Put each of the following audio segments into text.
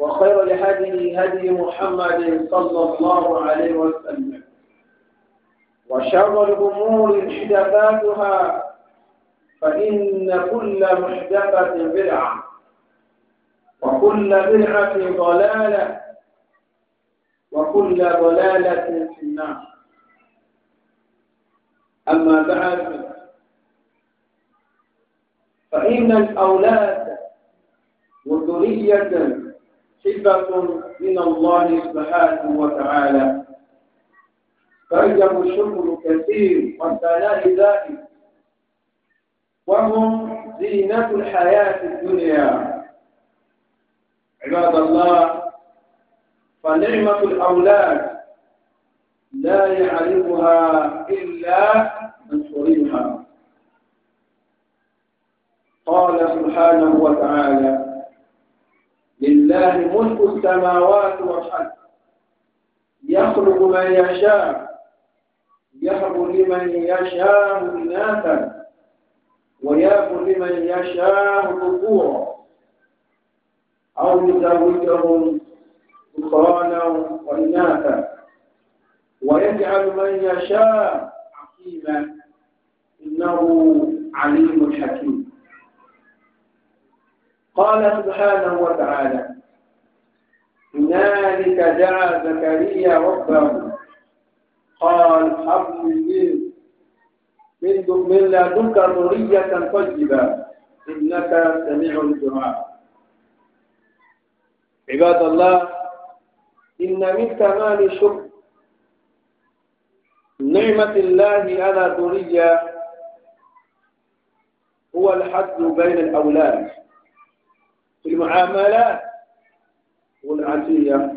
وخير لهذه هدي محمد صلى الله عليه وسلم وشر الأمور محدثاتها فإن كل محدثة بدعة وكل بدعة ضلالة وكل ضلالة في النار أما بعد فإن الأولاد وذرية صفة من الله سبحانه وتعالى فيجب الشكر كثير والثناء دائم وهم زينة الحياة الدنيا عباد الله فنعمة الأولاد لا يعرفها إلا من حرمها قال سبحانه وتعالى لله ملك السماوات والأرض يخلق من يشاء يهب لمن يشاء إناثا ويهب لمن يشاء ذكورا أو يزوجهم ذكرانا وإناثا ويجعل من يشاء عقيما إنه عليم حكيم قال سبحانه وتعالى هنالك دعا زكريا ربه قال هب لي من من لدنك ذرية طيبة إنك سميع الدعاء عباد الله إن من كمال شكر نعمة الله على ذرية هو الحد بين الأولاد في المعاملات والعزية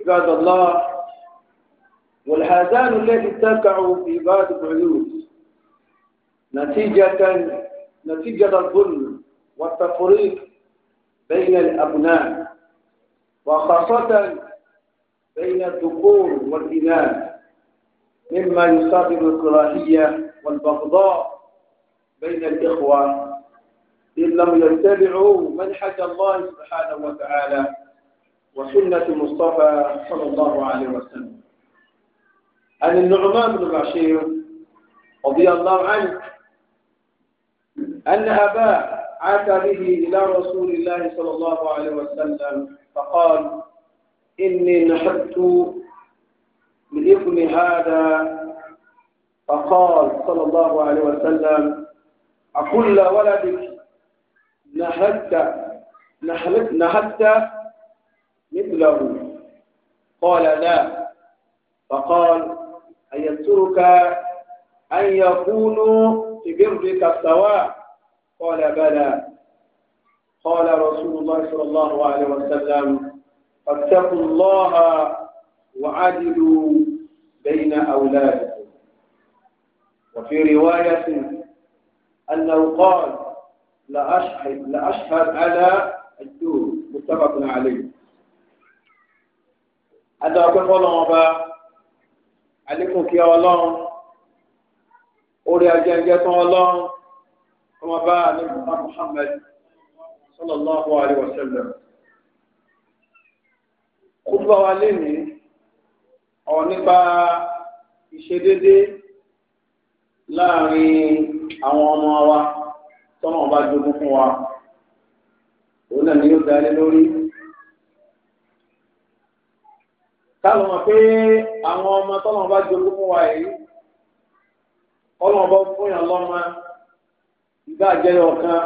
عباد الله والهزان التي تقع في بعض العيوب نتيجة نتيجة الظلم والتفريق بين الأبناء وخاصة بين الذكور والإناث مما يسبب الكراهية والبغضاء بين الإخوة إن لم يتبعوا منحك الله سبحانه وتعالى وسنة المصطفى صلى الله عليه وسلم عن النعمان بن بشير رضي الله عنه أن أبا عاد به إلى رسول الله صلى الله عليه وسلم فقال إني نحبت لابن هذا فقال صلى الله عليه وسلم أكل ولدك نهدت نهدت نهدت مثله قال لا فقال أيسرك أن يكونوا في برك سواء قال بلى قال رسول الله صلى الله عليه وسلم فاتقوا الله وعدلوا بين أولادكم وفي رواية أنه قال لأشهد, لأشهد على الدور متفق عليه هذا أقول والله أبا عليكم كي الله أولي أجنجة الله كما با محمد صلى الله عليه وسلم kútùbà wa léni ọ̀ nípa ìṣedédé láàrin àwọn tọ́nà ọba jogún fún wa òun náà ni yóò dalé lórí. káàlù mọ̀ pé àwọn ọmọ tọ́nà ọba jogún fún wa yìí ọlọ́run ọba fún yàn lọ́mọ ìbá jẹ́ ọ̀kan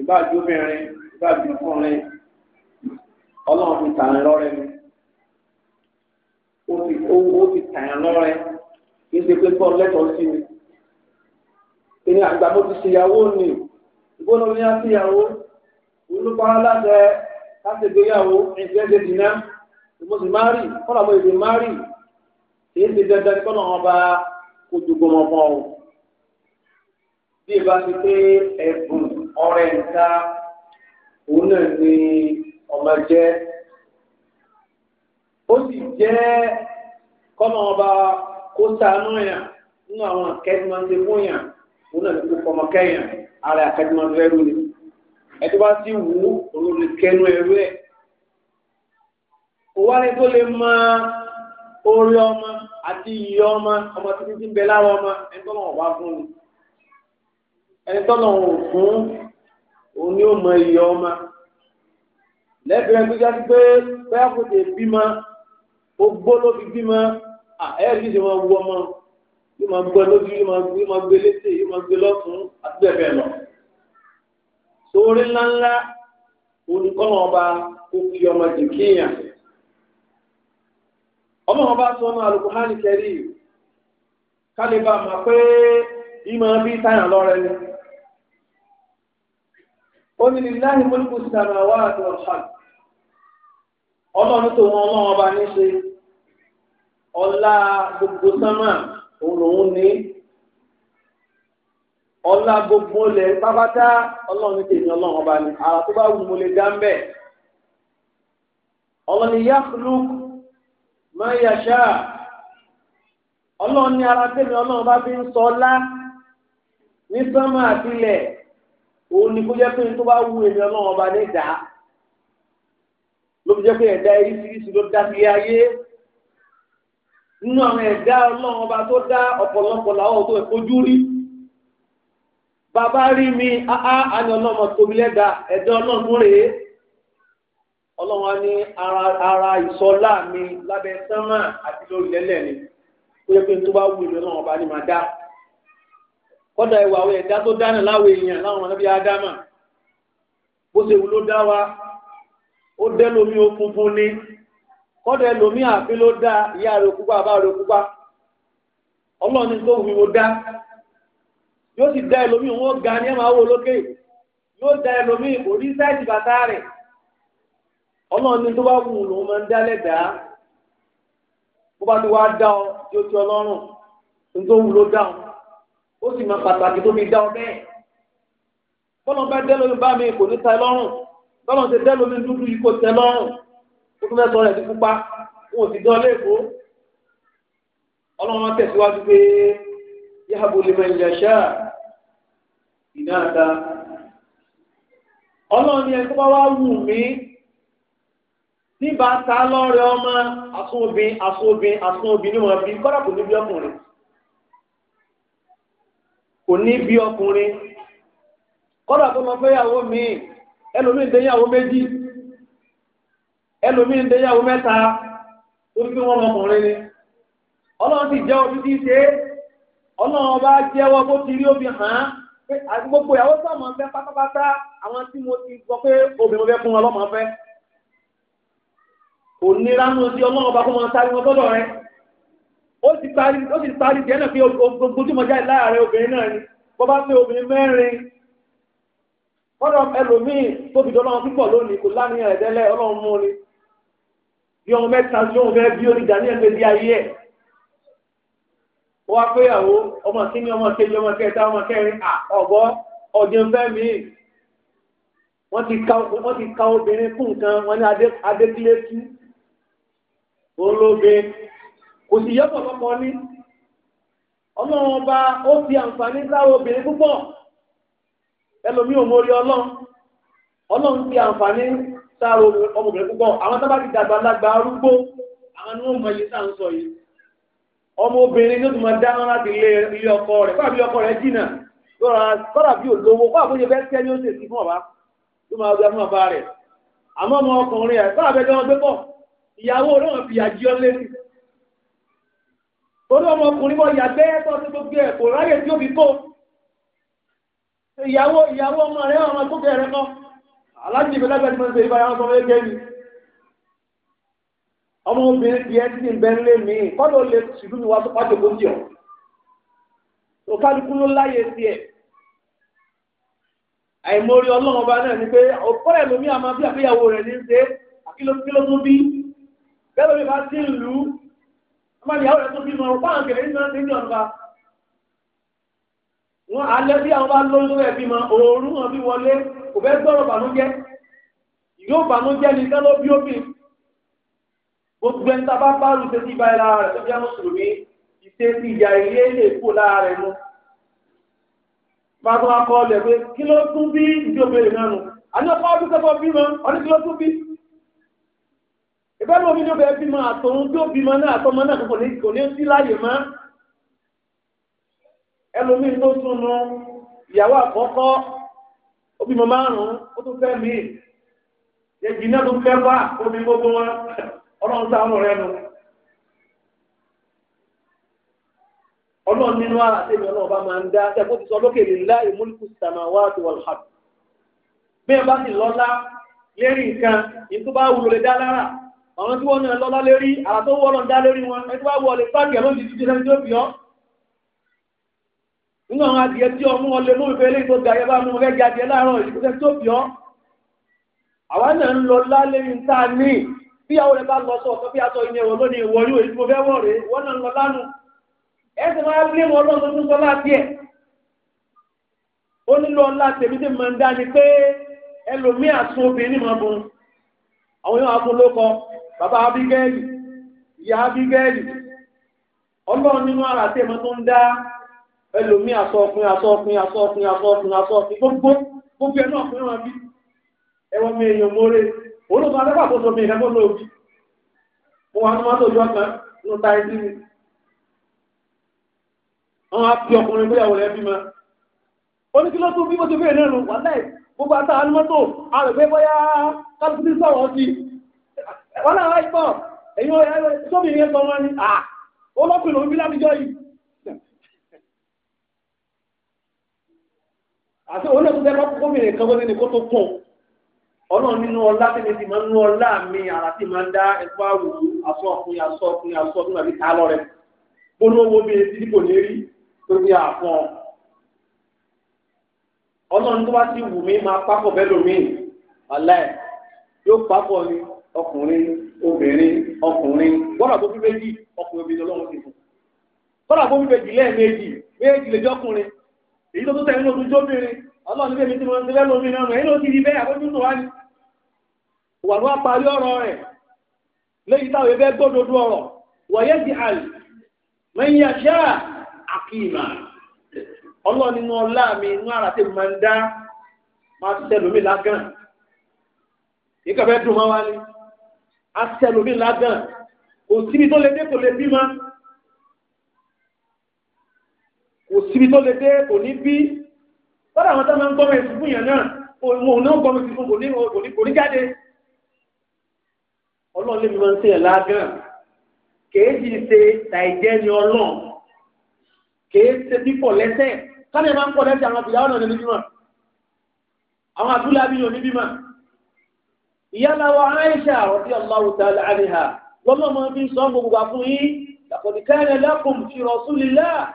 ìbá jóbìnrin ìbá jókùnrin ọlọ́run fi tàn án lọ́rẹ́ mi ó fi tàn án lọ́rẹ́ kí n ṣe pé bọ́ọ̀lù lẹ́tọ̀ọ́ sí mi. ìní àgbà mo ti ṣèyàwó ni ìgbóná ní àtìyàwó olùkọ́ aláṣẹ láti gbéyàwó ìfẹ́ṣẹ́ dìná ìmọ̀sí márì kọ́nà mọ́ èdè márì èyí ti dandan kọ́nà ọba kojú gbọmọ fún ọ. bí ìbá ti pé ẹ̀bùn ọrẹ nta òun náà ni ọmọ jẹ́ ó sì jẹ́ kọ́nà ọba kó sànú yàn nínú àwọn akẹ́kọ̀ọ́ máa ń ṣe fún yàn òun náà ni kó fọmọ kẹ́yàn ara àkàtúmọ̀ fẹ́rù ni ẹtí wá sí wù ú òun lè kẹnu ẹrú ẹ̀ kò wá ní tó lè mọ orí ọmọ àti iyì ọmọ ọmọ títí tí ń bẹ lára ọmọ ẹni tọ́nà ọ̀wá fún ni ẹni tọ́nà ò fún òun ni ó mọ iyì ọmọ lẹ́bìrẹ́ tó jáde pé bẹ́ẹ̀ kò tẹ̀ bímọ ogbó ló fi bímọ ẹ̀ẹ́dì ti wọn wú ọmọ yóò máa gbọ́ lójú yóò máa gbé máa gbé létè yóò máa gbé lọ́tún àti bẹ́ẹ̀ bẹ́ẹ̀ lọ. sórí ńláńlá olùkọ́nà ọba kò fi ọmọ jì kíyàn. ọmọ ọba sọ ọmọ àlùkò hàn kẹrí kálíbà máa pé ìmọ̀ bí táyà lọ́rẹ́ ni. ó ní lílàhí múlùkù sàmà wà á dùn ọ̀hán. ọlọ́run tó wọn ọlọ́run ọba ní ṣe ọlá gbogbo sánmà òun ni ọlá gbogbo lẹ pápátá ọlọ́run tèmi ọlọ́run ọba ni ara tó bá wù mo lè dá ń bẹ̀ ọlọ́run ni yakhluq ma yasha ọlọ́run ní ara tèmi ọlọ́run bá fi ń sọ ọlá ní sánmà àtìlẹ̀ òun ni kó jẹ́ pé tó bá wù èmi ọlọ́run ọba ní dá ló fi jẹ́ pé ẹ̀dá eríṣiríṣi ló dá sí ayé nínú àwọn ẹ̀dá ọlọ́run ọba tó dá ọ̀pọ̀lọpọ̀ làwọn tó fojú rí bàbá rí mi áá àní ọlọ́mọ tóbi lẹ́dà ẹ̀dá ọlọ́run rèé ọlọ́run ní ara ìsọlá mi lábẹ́ sánmà àti lórí lẹ́lẹ̀ ni ó yẹ pé tó bá wù mí ọlọ́run ọba ni màá dá kọ́dà ìwà àwọn ẹ̀dá tó dáná láwọn èèyàn láwọn ọ̀nà bíi ádámà bó ṣe wù ló dá wa ó dẹ́ lómi ó funfun kọ́dọ̀ ẹlòmí àfi ló dá ìyá rẹ̀ òkúpa àbá rẹ̀ òkúpa ọlọ́ọ̀ni tó wù ó dá yóò sì dá ẹlòmí òun ga ní ẹ̀ma owó lókè yóò dá ẹlòmí orí sáìtì bàtà rẹ̀ ọlọ́ọ̀ni tó bá wù ú lòun máa ń dá lẹ́dàá bó bá ọ tí ó ti ọ ó sì máa pàtàkì tó fi ọ bẹ́ẹ̀ bá dẹ́ bá mi kò ní ta ẹ lọ́rùn ti dẹ́ ó tún mẹ́sàn-án rẹ̀ ti pupa wọn ò sì dán léèbó ọlọ́run tẹ̀síwájú pé yáàbò lè máa yàṣá ìná àta ọlọ́run ni ẹni bá wá wù mí níbà ta lọ́rẹ̀ ọmọ asóbin asóbin asóbin ní wọn bí kọ́dà kò ní bí ọkùnrin kò ní bí ọkùnrin kọ́dà tó lọ mi ń méjì. ẹlòmíín déyàwó mẹ́ta torí pé wọ́n mọkùnrin ni ọlọ́run ti jẹ́ ojú tí ń ṣe é ọlọ́run ọba jẹ́wọ́ bó ti rí òbí hàn án pé gbogbo ìyàwó sọ̀mọ́ fẹ́ pátápátá àwọn tí mo ti gbọ́ pé obìnrin fẹ́ fún wọn fẹ́ kò nira nù sí ọlọ́run kó sáré wọn tọ́dọ̀ rẹ ó parí ó parí náà obìnrin náà bí ọmọ mẹ́ta tí wọ́n fẹ́ bí ó ní Daniel lè di ayé ẹ̀. wọ́n á péyàwó ọmọ kíní ọmọ kejì ọmọ kẹta ọmọ kẹrin ọ̀gọ́ ọ̀dẹ̀ fẹ́ mi. wọ́n ti ka obìnrin fún nǹkan wọn ní adékílẹ́tú olóbe kò sì yọ pọ̀pọ̀pọ̀ ní. ọlọ́run ọba ó fi àǹfààní sáwọ́ obìnrin púpọ̀ ẹlòmíì ò mórí ọlọ́run ọlọ́run fi àǹfààní sáàrò ọmọbìnrin púpọ̀ àwọn tábà ti dàgbà lágbà arúgbó àwọn ni wọ́n mọ iye sáà ń sọ yìí ọmọbìnrin ló ti máa dáná láti ilé ọkọ rẹ̀ kọ́ra bí ọkọ rẹ̀ jìnnà kọ́ra bí olówó kọ́ra bó ṣe fẹ́ tẹ́ ní ó ṣèṣì fún ọ̀bá ló máa gba fún ọba rẹ̀ àmọ́ ọmọ ọkùnrin ẹ̀ kọ́ra bẹ́ẹ̀ jọ gbé pọ̀ ìyàwó olóhùn fìyà jí ọ lé torí ọmọkùnrin wọn yàgbẹ́ tó ti gbogbo ẹ̀ kò ráyè tí ó fi kó ìyàwó ìyàwó ọmọ rẹ̀ ọmọ gbogbo rẹ̀ kan aláàjì ìbílẹ̀ bẹ́ẹ̀ tí mo ń ṣe ìbáyà ọmọ ẹgbẹ́ mi ọmọ obìnrin ti ẹ́ ti ń bẹ́ lé mi kọ́dọ̀ lè ṣùgbú mi wá tó pàjọ kó jẹ́ ọ̀ òkàlùkù ló láyé sí ẹ̀ àìmórí ọlọ́run ọba náà ni pé ọ̀pọ̀lẹ̀ lómi àmọ́ bí àgbéyàwó rẹ̀ ní ṣe kílókíló tó bí bẹ́ẹ̀ lómi bá ti ń lù ú ọmọ ìyàwó rẹ̀ tó bí mọ̀ ọ̀pọ̀ àwọn wọn alẹ́ bí àwọn bá lóyún ẹbí mọ òórùn wọn bí wọlé kò fẹ́ gbọ́rọ̀ bànújẹ́ yóò bànújẹ́ ní sẹ́lọ́ bí ó bì gbogbo ẹni tá a bá bá rú ṣe sí ibà ìlara rẹ̀ tó bí àwọn mùsùlùmí ìṣe sí ìyá ilé lè kú lára rẹ̀ mú. Fáfún akọ ọlẹ̀ pé kí ló tún bí ìdí obìnrin náà nù? Àní ọkọ ọdún sẹ́fọ́ bímọ, ọdún kí ló tún bí? Ìbẹ́ni omi ní obìnrin bímọ àtòun tí ó bímọ náà àtọmọ náà kò ní sí láàyè mọ́ ẹlòmíì tó súnmọ́ ìyàwó àkọ́kọ́ ó bímọ márùn-ún ó tún fẹ́ mí èjì náà tó fẹ́ wá omi gbogbo wọn ọlọ́run sáà rẹ̀ nu. ọlọ́run nínú ara tèmi ọlọ́run bá máa ń dá ṣe kó ti sọ lókè lillahi mulku samawati wal ard. bí ẹ bá sì lọ́lá lérí nǹkan yìí tó bá wúlò lè dá lára àwọn tí wọ́n náà lọ́lá lérí àtọ́wọ́ ọlọ́run dá lérí wọn ẹ nínú àwọn adìyẹ tí ọmú ọlẹ mú ìfẹ́ ilé ìgbóga yẹ bá mú ọgẹ́ jẹ adìyẹ láàárọ̀ ìgbésẹ̀ tó bì ọ́ àwa náà ń lọ lálẹ́ ní tá a ní bí àwọn rẹ̀ bá lọ sọ ọ̀tọ́ bí aṣọ ìyẹn wọn lónìí ìwọ yóò ìdúró fẹ́ wọ̀ rẹ̀ wọ́n náà ń lọ lánàá ẹ̀sìn máa ń ẹlòmí asọ́ọ̀pin asọ́ọ̀pin asọ́ọ̀pin asọ́ọ̀pin asọ́ọ̀pin gbogbo gbogbo ẹ̀nà ọ̀pin wọn bí ẹwọ́n mi èèyàn mọ́re olóògbé alẹ́ pàtó sọ mi ìrẹ́mọ́ lóòbí mo wà ní mọ́tò ojú ọ̀kan ní ta ẹtí mi wọn á fi ọkùnrin bóyá wọlé ẹbí ma ó ní kí ló tún bí mo ti bẹ́ẹ̀ náà nù wà láì gbogbo ata ní mọ́tò alùpẹ́ bóyá kálukútì sọ̀rọ̀ sí wọn náà láì bí lábíjọ́ àti òun náà tó fẹ́ bá gómìnà kan wọlé ní kó tó kún ọlọ́run nínú ọlá tẹ́lẹ̀ ti máa ń nú ọlá mi àrà tí máa ń dá ẹ̀fọ́ àwòrán aṣọ ọkùnrin aṣọ ọkùnrin aṣọ ọkùnrin àbí tààlọ́ rẹ̀ gbóná owó bíi etí kò ní rí lórí àfọ̀n ọlọ́run tó bá ti wù mí máa pápọ̀ bẹ́ẹ̀ lómi ọ̀lẹ́ yóò pápọ̀ ni ọkùnrin obìnrin ọkùnrin gbọ́dọ̀ tó fi méjì ọkùnrin obìnrin ọlọ́run ti fún gbọ́dọ̀ tó fi méjì lẹ́ẹ̀mejì méjì lè jọ́kùnrin èyí tó tó tẹ̀ nínú ojú obìnrin ọlọ́run níbi èmi tí mo ń tẹ́lẹ̀ lómi náà ẹ̀yìn ló ti di bẹ́ẹ̀ àbójú tó wá ní. wà ló wá parí ọ̀rọ̀ rẹ̀ lẹ́yìn táwọn ẹgbẹ́ gbódodo ọ̀rọ̀ wọ̀nyẹ́ ti àlè mẹ́yìn àṣà àkìmà ọlọ́run nínú ọlá síbi tó lè dé kò ní bí lọ́dọ̀ àwọn tó máa ń gbọ́mọ ẹ̀sìn fún yẹn náà òun náà gbọ́mọ ẹ̀sìn fún kò ní kò ní jáde ọlọ́run lè fi máa ń sèyàn lágàn kèéjì ṣe tàìjẹ́ ni ọlọ́run kèé ṣe fífọ̀ lẹ́sẹ̀ kábíyà máa ń pọ̀ lẹ́sẹ̀ àwọn àbúyá ọ̀nà níbí mọ̀ àwọn àbúlá bí yóò níbí mọ̀ ìyáàlá wa Aisha radiyallahu ta'ala anha lọ́mọ́ máa fi ń gbogbo àfún yín laqad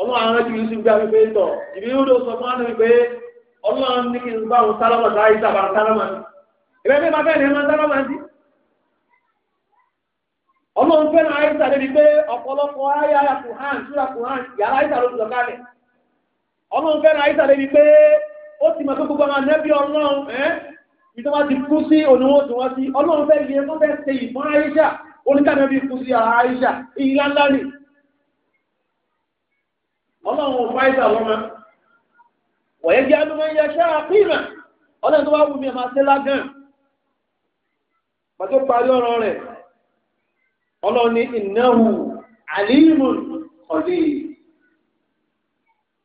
ọlọ́run àwọn ẹjú yusuf gbà wípé tọ̀ ìbí yúdò sọ fún wọn wípé ọlọ́run ní kí n bá òun sálámà sáà yìí sábà sálámà ní ìbẹ́ bí bàbá ẹ̀dẹ̀ máa sálámà sí. ọlọ́run fẹ́ràn àyíṣà débi pé ọ̀pọ̀lọpọ̀ ayé ayà kùhán ṣúra kùhán yàrá àyíṣà ló sọ kálẹ̀ ọlọ́run fẹ́ràn àyíṣà débi pé ó ti mọ̀ pé gbogbo àwọn ẹbí ọlọ́run ẹ́ ibi tó bá ti kú sí òníwọ̀n tí wọ́n sí ọlọ́run fẹ́ ọlọ́run ò fáìsà lọ́mọ wọ̀nyẹ́ jẹ́ alúmọ̀ ń yẹṣẹ́ àpínà ọlọ́run tó wá wù mí ẹ̀ máa ṣe lágàn pàtó parí ọ̀rọ̀ rẹ̀ ọlọ́run ní ìnáwó àlímù ọ̀dẹ́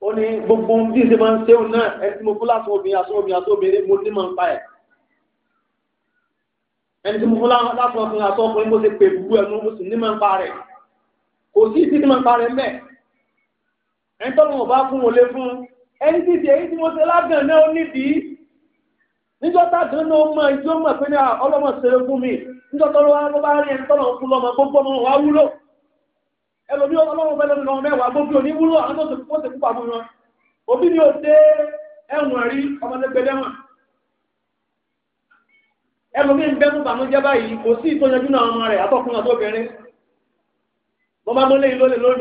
ó ní gbogbo bí ṣe máa ń ṣe òun náà ẹ tí mo fún láti obìnrin àti obìnrin àti obìnrin mo ní máa ń pa ẹ̀ ẹni tí mo fún láti ọkùnrin àti ọkùnrin mo ṣe pè bú ẹnu mo sì ní máa ń pa rẹ̀ kò sí ìdí ní máa ń pa rẹ̀ mẹ́ẹ̀ ẹni tọ́lọ́ wọn bá fún wọn lé fún ẹni tí ìṣe èyí tí mo ṣe lágàn náà ó nídìí níjọ́ tágàn náà mọ ìjọ mọ̀ pé ní ọlọ́mọ ṣeré fún mi níjọ́ tọ́lọ́ wọn bá rí ẹni tọ́lọ́ fún lọ́mọ gbogbo ọmọ wa wúlò ẹlòmí ọlọ́wọ́ bẹ́ẹ̀ lọ́mọ mẹ́wàá gbogbo òní wúlò àwọn tó ti kó pa fún wọn òbí ni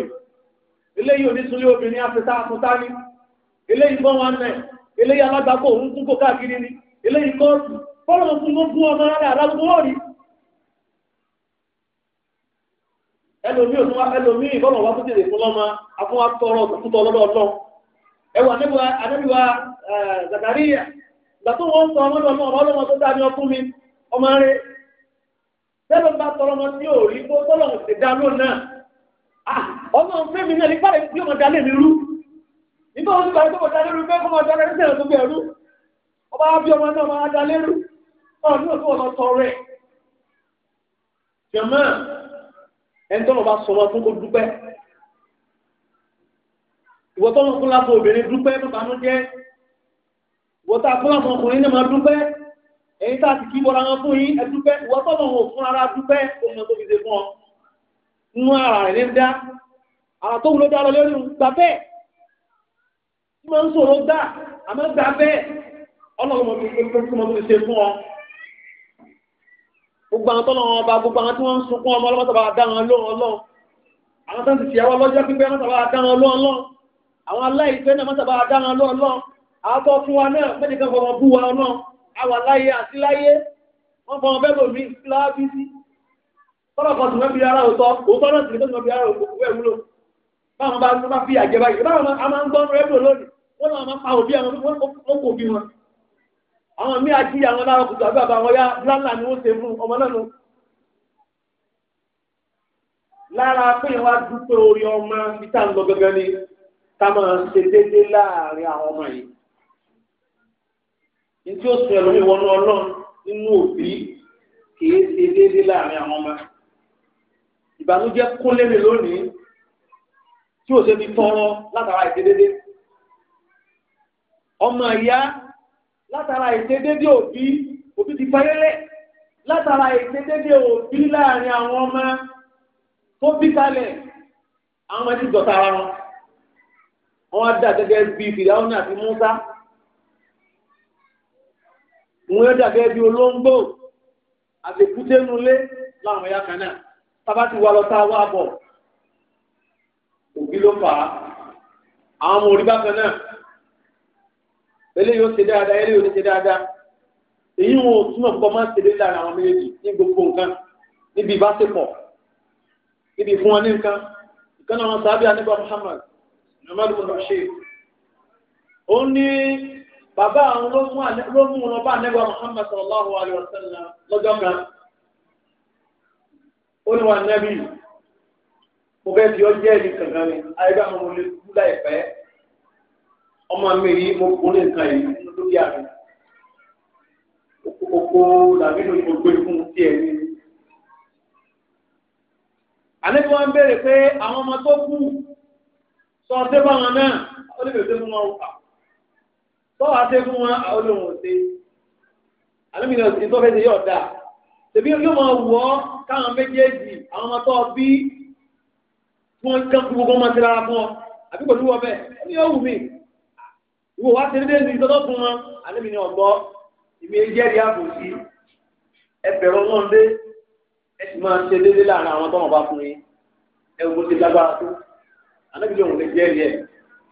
ó eléyìí onísúnlé obìnrin afẹta àtúntà ni eléyìí bọ́ wọn mẹ́ eléyìí alágbàkọ̀ òun kúkò káàkiri ni eléyìí kọ́ọ̀tù fọ́lọ̀ fún ló fún ọmọ rárá alágbó lọ́rí ẹlòmí òun ẹlòmí ìbọ̀lọ̀ wá fún tèrè fún lọ́mọ afún wa tọrọ òkútọ lọ́dọ̀ ọlọ́run ẹwà níbo anábìwá Zakariya ìgbà tó wọ́n sọ ọmọdé ọmọ ọmọ ọlọ́mọ tó dá ní ọkùn mi ọmọ rẹ tẹ́lọ̀ bá tọrọ ọmọ tí ò rí tó tọ́lọ̀ sì dá lónìí náà Ah, ọmọ ọ̀fẹ́ mi náà nípa rẹ̀ bí ọmọ dalẹ̀ mi rú nígbà wọn nípa rẹ̀ tó dalẹ̀ rú bẹ́ẹ̀ kọ́mọ dalẹ̀ rẹ̀ tó bẹ̀ rú ọba bí ọmọ náà máa dalẹ̀ rú ọ̀rọ̀ ní òtún ọ̀nà tọ̀ rẹ̀ jẹ̀mọ́ ẹni tó lọ́ba sọ̀rọ̀ fún kó dúpẹ́ ìwọ tó lọ́kùn lápò obìnrin dúpẹ́ bàbánú jẹ́ ìwọ tó akún lápò ọkùnrin náà máa dúpẹ́ èyí tá a ti kí bọ́ra wọn fún yín ẹ dúpẹ́ ìwọ tó lọ́wọ́ fún ara dúpẹ́ òun náà inú ara rẹ̀ ní dá ara tó wúlò dá lọ lórí gbà bẹ́ẹ̀ tí máa ń sọ̀rọ̀ gbà àmọ́ gbà bẹ́ẹ̀ ọlọ́run ọdún pé kí wọ́n ti ṣe fún ọ. gbogbo àwọn tọ́lọ́ wọn ọba gbogbo àwọn tí wọ́n ń sunkún ọmọ ọlọ́wọ́ sábà dá wọn lóhùn ọlọ́run àwọn tó ń ti ṣìyàwó ọlọ́jọ́ pípẹ́ wọn sábà dá wọn lóhùn tọ́lọ̀ kan tún mẹ́bi ara òótọ́ òótọ́ náà sì ní tó tún mẹ́bi ara òkú ẹ̀ wúlò báwọn bá tún bá fi àjẹ báyìí báwọn a máa ń gbọ́ rẹ́díò lónìí wọ́n náà máa pa òbí àwọn wọ́n kò bí wọn. àwọn míì ají àwọn àbá wọn yá lánàá ni wọ́n ṣe fún ọmọ náà lára péye wá dúpẹ́ orí ọmọ bí ń lọ gẹ́gẹ́ ni ká ṣe déédéé láàrin àwọn ọmọ yìí. ní tí ó sọ ẹlòmíì wọnú ọlọ́run nínú òbí kì ṣe déédéé láàrin àwọn ọmọ ìbànújẹ́ kún lémi lónìí tí ò ṣe fi tọrọ látara ìṣedédé ọmọ ìyá látara ìṣedédé òbí òbí ti fayẹlẹ látara ìṣedédé òbí láàrin àwọn ọmọ tó bí kalẹ̀ àwọn ọmọ ti dọ̀tá ara wọn wọn á dà gẹ́gẹ́ bíi fìdáwọn àti Musa wọn yóò dà gẹ́gẹ́ bíi olóńgbò àti kútẹ́nulé láwọn ẹ̀yà kan náà tába ti wá lọ tá a wá bọ̀ òbí ló fà á àwọn ọmọ òrìbá kan náà eléyìí ó ṣe dáadáa eléyìí ó ní ṣe dáadáa èyí wọn ò túmọ̀ nǹkan máa ń ṣe déédéé lára àwọn méjèèjì ní gbogbo nǹkan níbi ìbáṣepọ̀ níbi ìfún wọn ní nǹkan ìkànnì àwọn sábẹ́ àníbà Muhammad Muhammad mọ̀lọ́ṣe ó ní bàbá àwọn ló mú wọn lọ bá àníbà Muhammad sallallahu alayhi wa sallam lọ́jọ́ kan ó ní wọn nẹ́bí mo fẹ́ fi ọjọ́ ẹ̀rí kankan ni àyíká mo mo lè kú láìpẹ́ ọmọ mi yìí mo kún ní nǹkan yìí lórí àmì oko làbí ní mo gbé fún tiẹ̀ ní. àlejò wọn béèrè pé àwọn ọmọ tó kù sọ ọdẹ báwọn náà ó lè bèèrè fún wọn wà sọ wàá fún wọn àwọn olóhùn ọdẹ àlejò ìtọ́fẹ́sẹ̀ yóò dáa tèmi yóò máa wọ káwọn méjèèjì àwọn ọmọ tó bí wọn kàn fún gbogbo ọmọ síra fún ọ àbí pẹ̀lú wọ bẹ́ẹ̀ ẹni yóò wù mí ìwọ wá tẹ̀lé dé ìdí tọ́tọ́ fún wọn àlébi ni ọ̀gbọ́ ìmí jẹ́rìí àbòsí ẹbẹ̀rún wọn dé ẹ sì máa ṣe déédéé láàrin àwọn tọ́mọ̀ bá fún yín ẹ wo ti lágbára tó àlébi ni òun lè jẹ́rìí ẹ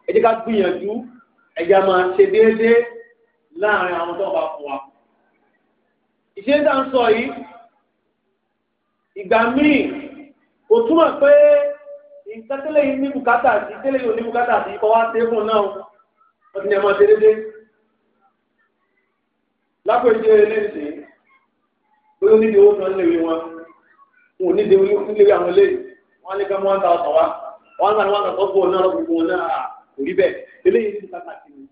ẹ jẹ́ ká gbìyànjú ẹ jẹ́ máa ṣe déédéé láàrin àwọn tọ́mọ̀ bá fún wa ìṣe tá à ń sọ yìí ìgbà míì kò túmọ̀ pé nǹkan tẹ́lẹ̀ yìí ní bùkátà sí tẹ́lẹ̀ yìí ò ní bùkátà sí kọ́ wá sí fún náà wọ́n ti ní ẹ̀mọ́ ṣe déédéé. lápèjì eléyìí bóyá onídìí owó kan léwé wọn wọn ò nídìí níléwé àwọn eléyìí wọn ní ká mú one thousand wá wọn náà wọn kàn tó fún náà gbogbo wọn náà kò rí bẹ́ẹ̀ eléyìí ní bùkátà sí ni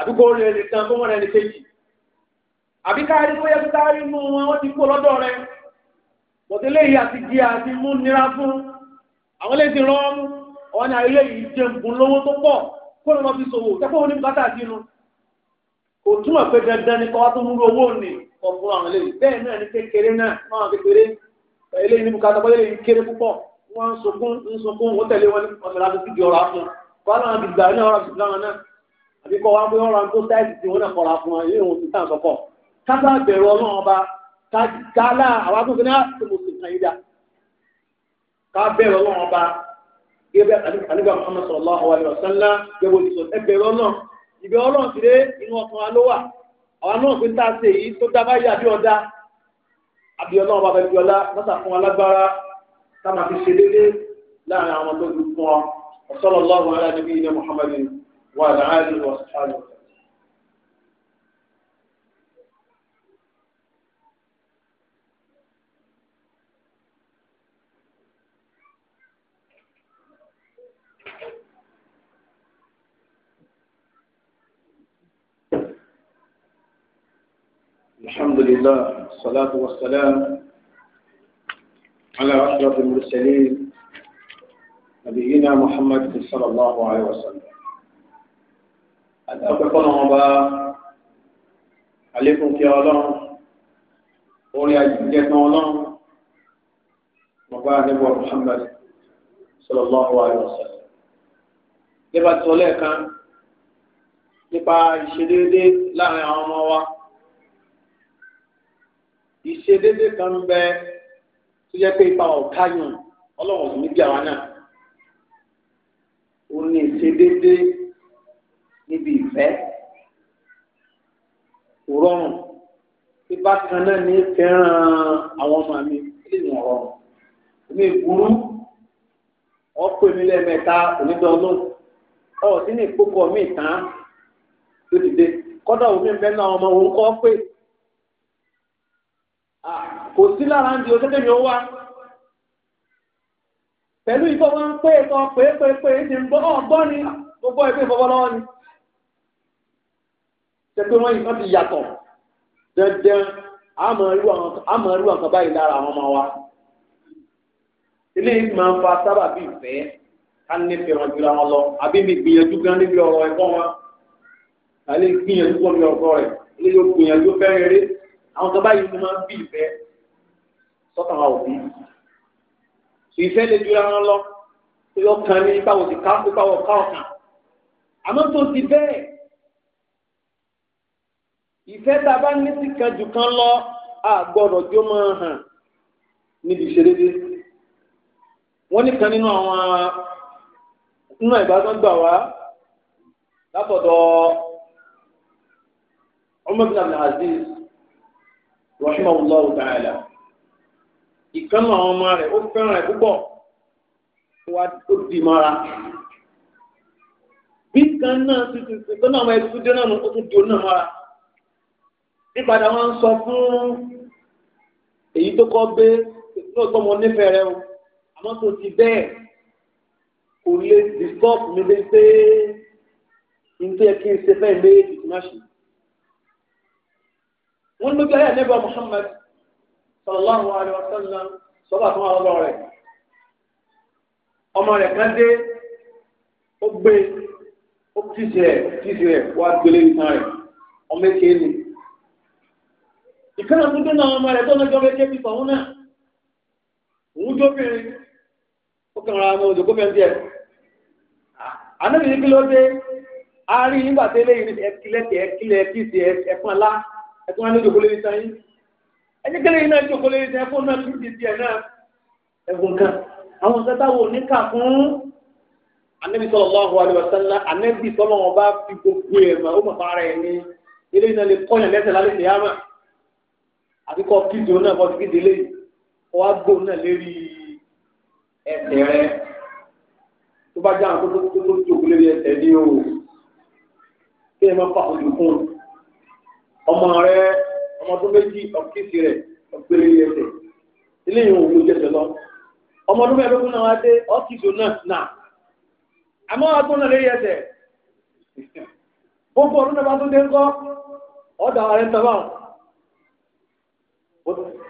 àdúgbò rẹ̀ nìkan fún wọn rẹ̀ ní kéjì àbíkárí bóyá kíkárí mú wọn ó ti kó lọ́dọ̀ rẹ̀ bọ̀délé yìí àti jí àti mú nira fún àwọn ilé ti rán ọ̀wọ́n ní ayé yìí jẹ nǹkan lówó tó pọ̀ kó ló lọ fi ṣòwò kẹ́kọ̀ọ́ ní bùkátà sínú kò túmọ̀ pé dandan ni kọ́wá tó múlò owó ní ọ̀fun àwọn ilé bẹ́ẹ̀ náà ní kékeré náà náà kékeré ilé ní bùkátà bọ́lé yìí kéré púpọ̀ wọ́n ń sunkún ń sunkún ó tẹ̀lé wọn ọ̀sẹ̀ láti fi di ọ̀rọ̀ àfún kọ́ àwọn àbìgbà náà ọ̀rọ̀ àbìgbà náà àbíkọ́ wa pé ọ̀rọ̀ àbíkọ́ táìsì tí wọ́n náà kọ́ra fún wọn ilé kálá àwọn akókò náà tó mo sì kàn yín dá ká bẹ̀rẹ̀ ọlọ́run ọba gẹ́gẹ́ àníbà Muhammad sallallahu alaihi wasallam gẹ́gẹ́ olùsọ ẹgbẹ̀rẹ̀ ọlọ́run ìbẹ̀ ọlọ́run ti dé inú ọkàn wa ló wà àwọn náà fi ń tà sí èyí tó dá báyìí àbí ọ̀dá àbí ọlọ́run ọlá mọ́tà fún alágbára táwọn àfi ṣe déédéé láàrin àwọn tó dùn fún ọ لله والصلاة والسلام على أشرف المرسلين نبينا محمد صلى الله عليه وسلم أتأكد أبا عليكم يا الله orí àjíjẹ́tàn ọlọ́run ọba àdébọ̀ Muhammad sallallahu alaihi wasallam. nípa tí ọlẹ́ẹ̀kan nípa ìṣedéédé láàrin àwọn ọmọ wa ìṣedédé kan ń bẹ tó yẹ pé ipa ọ̀ká yàn ọlọ́run sì níbi àwa náà ó ní ìṣedédé níbi ìfẹ́ kò rọrùn ipa kan náà ní fẹ́ràn àwọn ọmọ mi kí ni ọ̀rọ̀ mi burú ọ̀pọ̀ èmi lẹ́ẹ̀mẹ́ta onídọ́ọ̀lọ́ ọ̀ sí ní ìkókò mi tán lódìdé kọ́dọ̀ òun mi bẹ́ẹ̀ náà ọmọ òun kọ́ pé kò sí lára ń di oṣẹ́tẹ̀ mi ó wá pẹ̀lú ìgbọ́ wọn ń pé ìtọ́ pé pé pé ní ń gbọ́ ọgbọ́ ni gbogbo ìpín ìfọwọ́lọ́wọ́ ni ṣe pé wọ́n nǹkan ti yàtọ̀ dandan àmọ́ irú àwọn kan báyìí lára àwọn ọmọ wa ilé ìgbìmọ̀ ń fa sábà bí ìfẹ́ ká ní fẹ́ràn jura wọn lọ àbí mi gbìyànjú gan níbi ọ̀rọ̀ ẹ̀kọ́ wọn àlẹ́ gbìyànjú pọ̀ mi ọ̀kọ́ rẹ̀ ilé yóò gbìyànjú fẹ́rẹ̀ẹ́rẹ́ àwọn kan báyìí ló máa ń bí ìfẹ́ tọ́ka wa òbí ìfẹ́ lè dúró ara lọ yọ kan ní báwo ti ká kó báwo ká ọkàn àmọ́ tó ti bẹ́ẹ̀ ìfẹ́ tá a bá ní sí kan jù kan lọ a gbọ́dọ̀ jó máa hàn níbi ìṣerédé wọ́n nìkan nínú àwọn nínú ìbátan gbà wá látọ̀dọ̀ Umar bin Abdul Aziz rahimahullah ìkànnì àwọn ọmọ rẹ̀ ó fẹ́ràn rẹ̀ púpọ̀ wá ó di mọ́ra bí kan náà tuntun ìkànnì àwọn ẹbí tó dé náà ó tún di òun náà mọ́ra nípadà wọn ń sọ fún èyí tó kọ́ gbé lóòótọ́ mo nífẹ̀ẹ́ rẹ o àmọ́ tó ti bẹ́ẹ̀ kò lè disturb mi lé pé nítorí ẹ kí n ṣe fẹ́ẹ̀ méjì tí má lójú ayé àlẹ́ Muhammad sallallahu alaihi wasallam sọ́bà fún àwọn ọmọ rẹ̀ ọmọ rẹ̀ kan dé ó gbé ó tìsí rẹ̀ tìsí rẹ̀ wá gbélé nǹkan rẹ̀ ọmọ èké ni ìkànnì tó dé náà ọmọ rẹ̀ tó lọ́jọ́ méjì fi fọ̀hún náà òun jóbìnrin ó kàn ra ọmọ òjò gómìnà díẹ̀ anábìyí kí ló dé a rí nígbà tẹ́lẹ̀ yìí ẹkílẹ̀ ẹkílẹ̀ ẹkíṣe ẹpọ̀nlá ẹtún wọn lójú kó lè ní sáyé ẹnikẹ́lẹ́ iná jókòó lórí ẹ̀fọ́ náà tún di tiẹ̀ náà ẹ̀wọ̀n kan àwọn kẹta wo níkà fún anabi sallallahu alaihi wasallam anabi sọlọ wọn bá fi gbogbo ẹ̀ mọ̀ ó mọ̀ fara ẹ̀ ní ilé iná lè kọ́ yàn lẹ́sẹ̀ lálẹ́ ìyá mà àti kọ́ kíndìn náà bọ́ sí délé wọ́n á gbó náà lérí ẹsẹ̀ rẹ tó bá jẹ́ àwọn tó tó tó jókòó lórí ẹsẹ̀ ní o kí ẹ má fà ojú ọmọdún méjì ọ̀kíìsì rẹ̀ ọ̀pẹ̀rẹ̀ ẹsẹ̀ ilé yìí òun ló jẹsẹ̀ lọ ọmọdún mẹ́ẹ̀ẹ́dógún náà wá dé ọ̀kíìsì náà nà àmọ́ àtún náà lérí ẹsẹ̀ gbogbo ọdún náà bá tún dé ńkọ́ ọ̀dà ààrẹ tọ́lá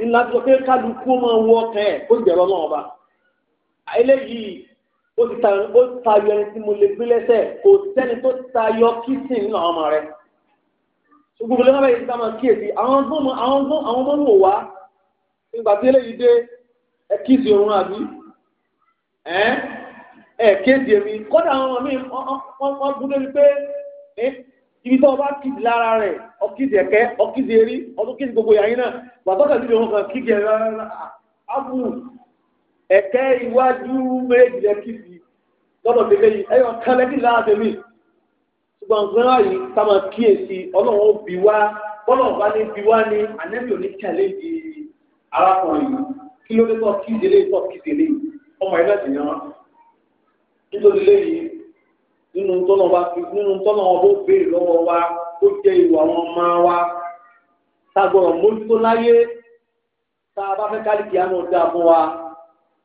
ńlá tó pé kálukú máa wọ ọkàn ẹ̀ kó jẹ̀rọ náà ọba eléyìí ó ti tayọ ẹni tí mo lè gbé lẹ́sẹ̀ kò sẹ́ni tó tayọ kìsìn nínú àwọn ọmọ rẹ̀ gbogbo lọ́wọ́ báyìí ká máa kíyèsí àwọn gbọ́n àwọn gbọ́n àwọn ọmọ wò wá nígbà tí eléyìí dé ẹ kíyèsí òun àbí ẹ ẹ kéde mi kọ́dà àwọn ọmọ mi wọ́n gún lórí pé ibi tó o bá kíyèsí lára rẹ̀ ọkíyèsí ẹ̀kẹ́ ọkíyèsí erí ọdún kíyèsí gbogbo yàrá náà bàtọ́kà sí ìdíwọ̀n kan kíyèsí ẹ̀rọ ápù ẹ̀kẹ́ iwájú méjì lẹ́kíyèsí lọ́dọ̀ tẹ̀lé yìí ẹ̀yọ̀ kan lẹ́kíyèsí lára tẹ̀lé yìí gbọ̀ngàn yìí ká máa kíyèsí ọlọ́run ó bi wá bọ́lọ̀run bá ní bi wá ní ànẹ́bí òní tẹ̀lé di arákùnrin yìí kí ló dé tọ́ kí ìdílé tọ́ kí ìdílé ọmọ ẹ̀ lẹ́sìn yẹn nítorí léyìí nínú tọ́nà wa nínú tọ́nà wa bó béèrè lọ́wọ́ wa ó jẹ́ ìwà wọn máa wa tá a gbọ́dọ̀ mójútó láyé tá a bá fẹ́ kálíkì àmọ́ dáa fún wa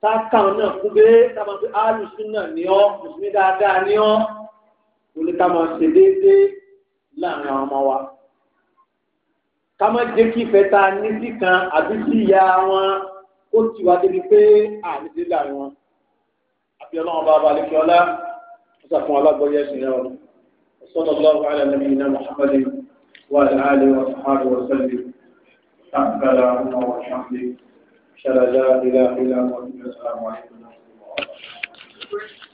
tá a kàn náà kú bẹ́ẹ́ tá a máa fi áàlù náà ní ọ́ mùsùlùmí dáadáa ní ọ́ òní ká máa ṣe déédéé láàrin àwọn ọmọ wa ká má jẹ́ kí ìfẹ́ ta ní sí kan àbí sí ìyá wọn ó ti wá débi pé àní sí láàrin wọn àbí ọlọ́run bá balẹ̀ kí ọlá ó sàfihàn alágbọ̀yé ẹ̀sìn náà وصلى الله على نبينا محمد وعلى اله وصحبه وسلم سبحانك اللهم وبحمدك اشهد ان لا اله الا انت السلام عليكم ورحمه الله وبركاته